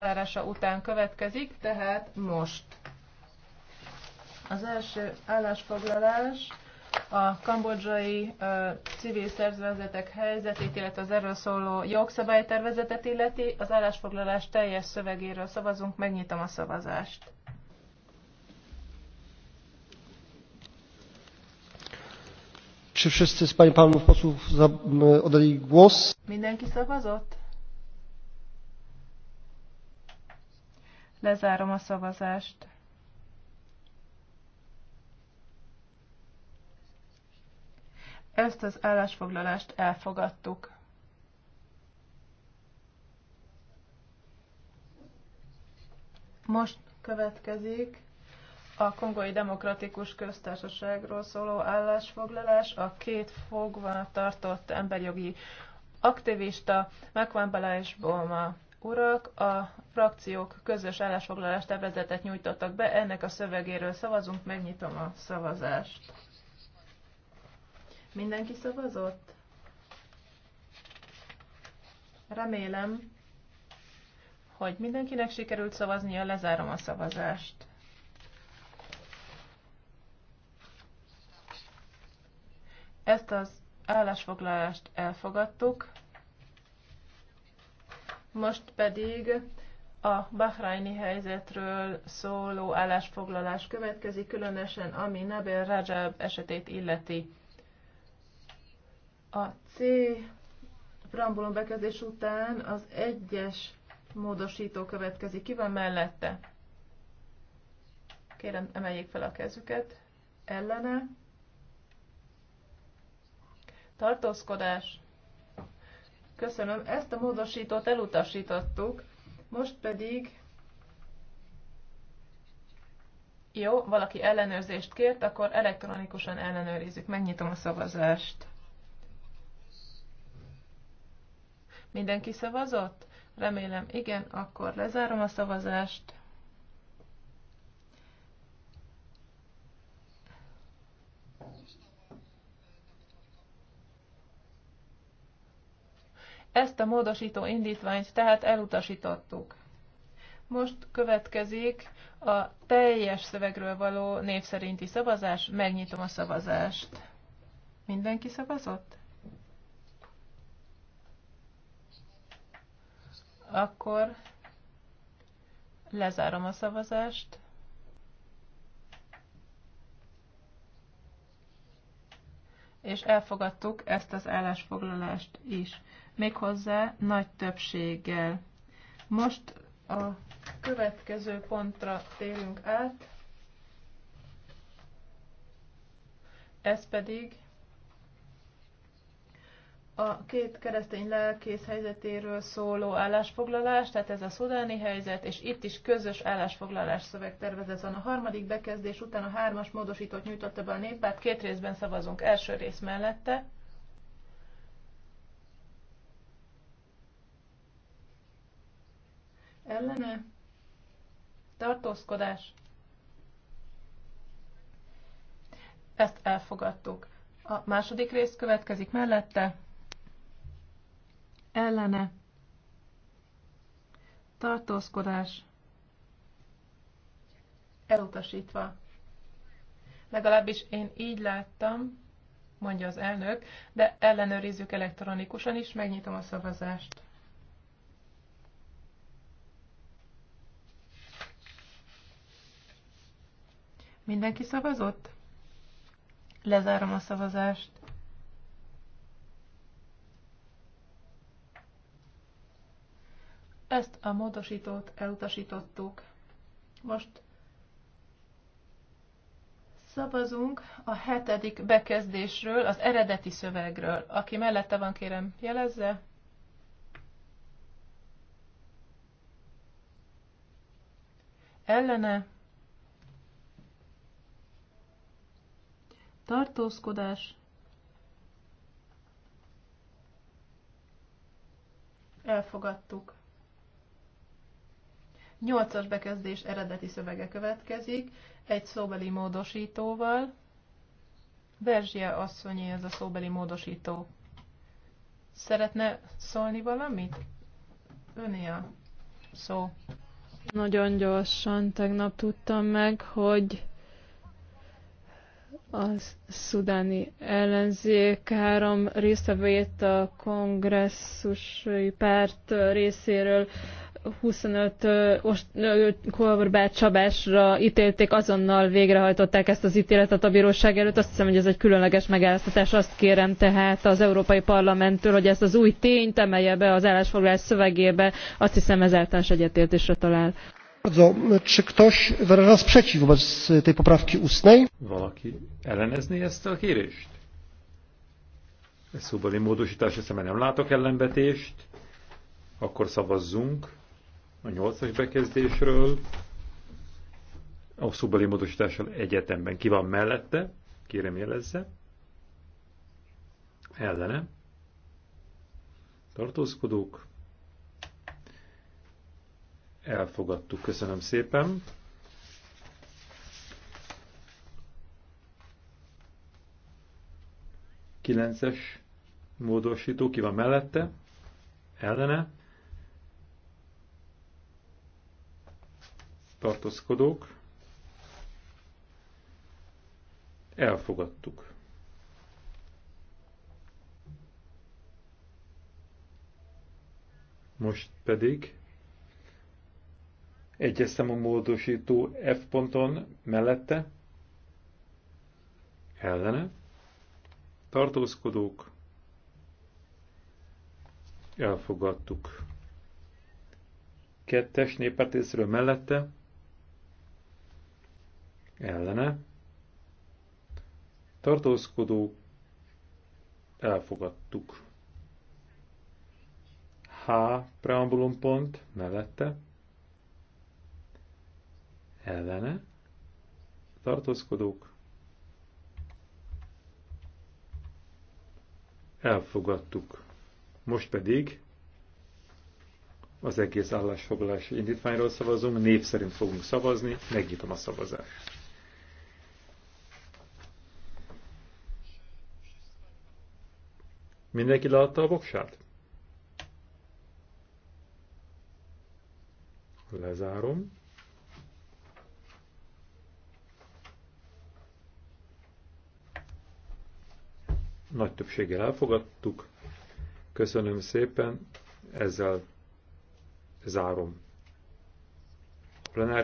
lezárása után következik, tehát most. Az első állásfoglalás a kambodzsai uh, civil szervezetek helyzetét, illetve az erről szóló jogszabálytervezetet illeti. Az állásfoglalás teljes szövegéről szavazunk, megnyitom a szavazást. Czy wszyscy z pań panów posłów oddali głos? Mindenki szavazott? Lezárom a szavazást. Ezt az állásfoglalást elfogadtuk. Most következik a Kongói Demokratikus Köztársaságról szóló állásfoglalás, a két fogva tartott emberjogi aktivista Mekwambala és Boma urak, a frakciók közös állásfoglalás tervezetet nyújtottak be, ennek a szövegéről szavazunk, megnyitom a szavazást. Mindenki szavazott? Remélem, hogy mindenkinek sikerült szavaznia, lezárom a szavazást. Ezt az állásfoglalást elfogadtuk. Most pedig a bahraini helyzetről szóló állásfoglalás következik, különösen ami Nabil Rajab esetét illeti. A C preambulum bekezdés után az egyes módosító következik. Ki van mellette? Kérem, emeljék fel a kezüket. Ellene. Tartózkodás. Köszönöm. Ezt a módosítót elutasítottuk, most pedig... Jó, valaki ellenőrzést kért, akkor elektronikusan ellenőrizzük. Megnyitom a szavazást. Mindenki szavazott? Remélem igen, akkor lezárom a szavazást. Ezt a módosító indítványt tehát elutasítottuk. Most következik a teljes szövegről való név szerinti szavazás. Megnyitom a szavazást. Mindenki szavazott? Akkor lezárom a szavazást. és elfogadtuk ezt az állásfoglalást is, méghozzá nagy többséggel. Most a következő pontra térünk át, ez pedig a két keresztény lelkész helyzetéről szóló állásfoglalás, tehát ez a szudáni helyzet, és itt is közös állásfoglalás szövegtervezet van. A harmadik bekezdés után a hármas módosítót nyújtotta be a néppárt, két részben szavazunk, első rész mellette. Ellene? Tartózkodás? Ezt elfogadtuk. A második rész következik mellette ellene tartózkodás elutasítva. Legalábbis én így láttam, mondja az elnök, de ellenőrizzük elektronikusan is, megnyitom a szavazást. Mindenki szavazott? Lezárom a szavazást. Ezt a módosítót elutasítottuk. Most szavazunk a hetedik bekezdésről, az eredeti szövegről. Aki mellette van, kérem, jelezze. Ellene. Tartózkodás. Elfogadtuk. Nyolcas bekezdés eredeti szövege következik, egy szóbeli módosítóval. Verzsia asszonyi ez a szóbeli módosító. Szeretne szólni valamit? Öné a szó. Nagyon gyorsan tegnap tudtam meg, hogy a szudáni ellenzék három résztvevőjét a kongresszusi párt részéről 25 korbát csabásra ítélték, azonnal végrehajtották ezt az ítéletet a bíróság előtt. Azt hiszem, hogy ez egy különleges megállapítás. Azt kérem tehát az Európai Parlamenttől, hogy ezt az új tényt emelje be az állásfoglalás szövegébe. Azt hiszem, ez általános egyetértésre talál. Valaki ellenezni ezt a kérést? Ez szóbeli módosítás, hiszem, nem látok ellenbetést. Akkor szavazzunk a nyolcas bekezdésről, a szóbeli módosítással egyetemben. Ki van mellette? Kérem jelezze. Ellene. Tartózkodók. Elfogadtuk. Köszönöm szépen. Kilences módosító ki van mellette? Ellene tartózkodók, elfogadtuk. Most pedig egyeztem a módosító F ponton mellette ellene tartózkodók elfogadtuk. Kettes néppártészről mellette ellene tartózkodó, elfogadtuk. H preambulum pont mellette ellene tartózkodók elfogadtuk. Most pedig az egész állásfoglalási indítványról szavazunk, név szerint fogunk szavazni, megnyitom a szavazást. Mindenki látta a voksát? Lezárom. Nagy többséggel elfogadtuk. Köszönöm szépen, ezzel zárom.